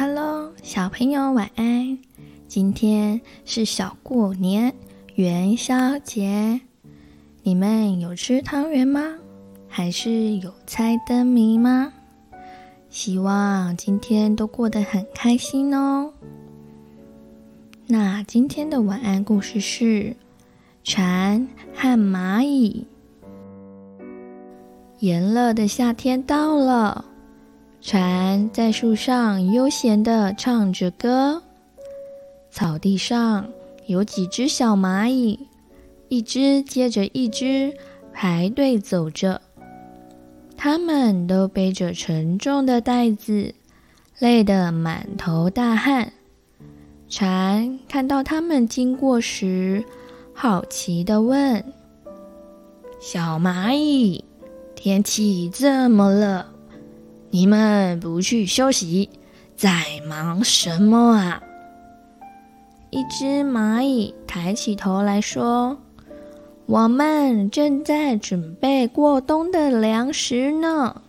Hello，小朋友晚安。今天是小過年元宵節，你們有吃湯圓嗎？還是有猜燈謎嗎？希望今天都過得很開心哦。那今天的晚安故事是《蟬和螞蟻》。炎熱的夏天到了。蟬在樹上悠閒地唱着歌，草地上有幾只小螞蟻，一只接着一只排隊走着，他們都背着沉重的袋子，累得滿頭大汗。蟬看到它們經過時，好奇地問：“小螞蟻，天氣這麼熱。”你們不去休息，在忙什麼啊？一隻螞蟻抬起頭來說：“我們正在準備過冬的糧食呢。”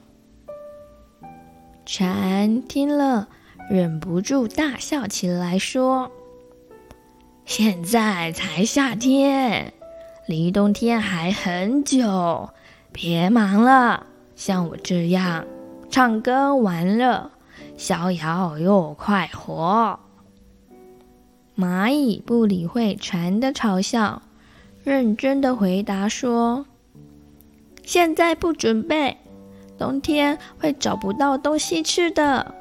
蟬聽了，忍不住大笑起來，說：“現在才夏天，離冬天還很久，別忙了，像我這樣。”唱歌玩樂，逍遙又快活。螞蟻不理會蟬的嘲笑，認真地回答說：“現在不準備，冬天會找不到東西吃的。”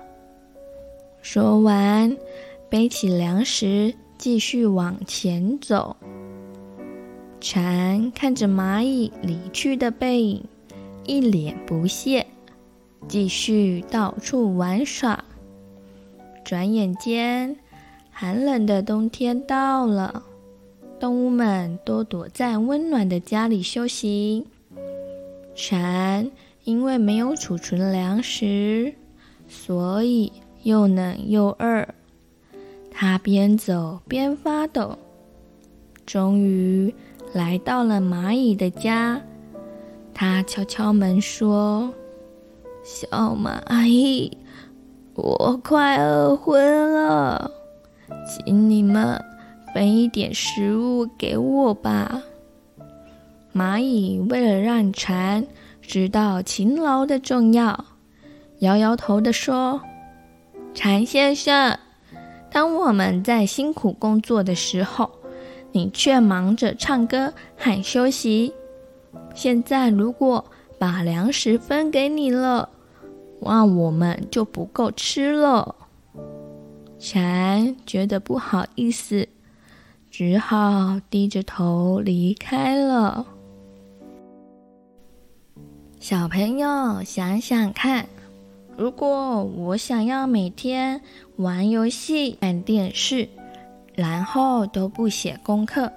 說完，背起糧食，繼續往前走。蟬看着螞蟻離去的背影，一臉不屑。繼續到處玩耍，轉眼間，寒冷的冬天到了，動物們都躲在溫暖的家裡休息。蟬因為沒有儲存糧食，所以又冷又餓。它邊走邊發抖，終於來到了螞蟻的家。它敲敲門說。小螞蟻，我快餓昏了，請你們分一點食物給我吧。螞蟻為了讓蟬知道勤勞的重要，搖搖頭地說：“蟬先生，當我們在辛苦工作的時候，你卻忙着唱歌喊休息。現在如果……”把糧食分給你了，那我們就不夠吃了。蟬覺得不好意思，只好低着頭離開了。小朋友，想想看，如果我想要每天玩遊戲、看電視，然後都不寫功課，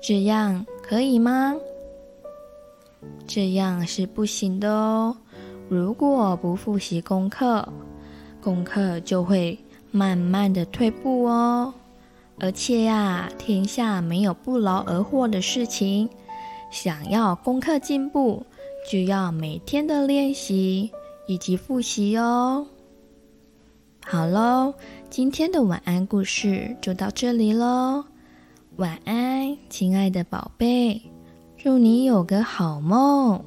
這樣可以嗎？這樣是不行的哦！如果不複習功課，功課就會慢慢的退步哦。而且呀，天下沒有不勞而獲的事情，想要功課進步，就要每天的練習以及複習哦。好嘍，今天的晚安故事就到這裡嘍。晚安，親愛的寶貝。祝你有個好夢。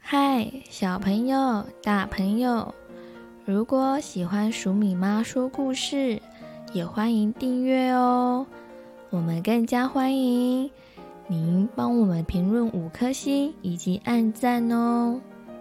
嗨，小朋友、大朋友，如果喜歡黍米媽說故事，也歡迎訂閱哦。我們更加歡迎您幫我們評論五顆星以及按讚哦。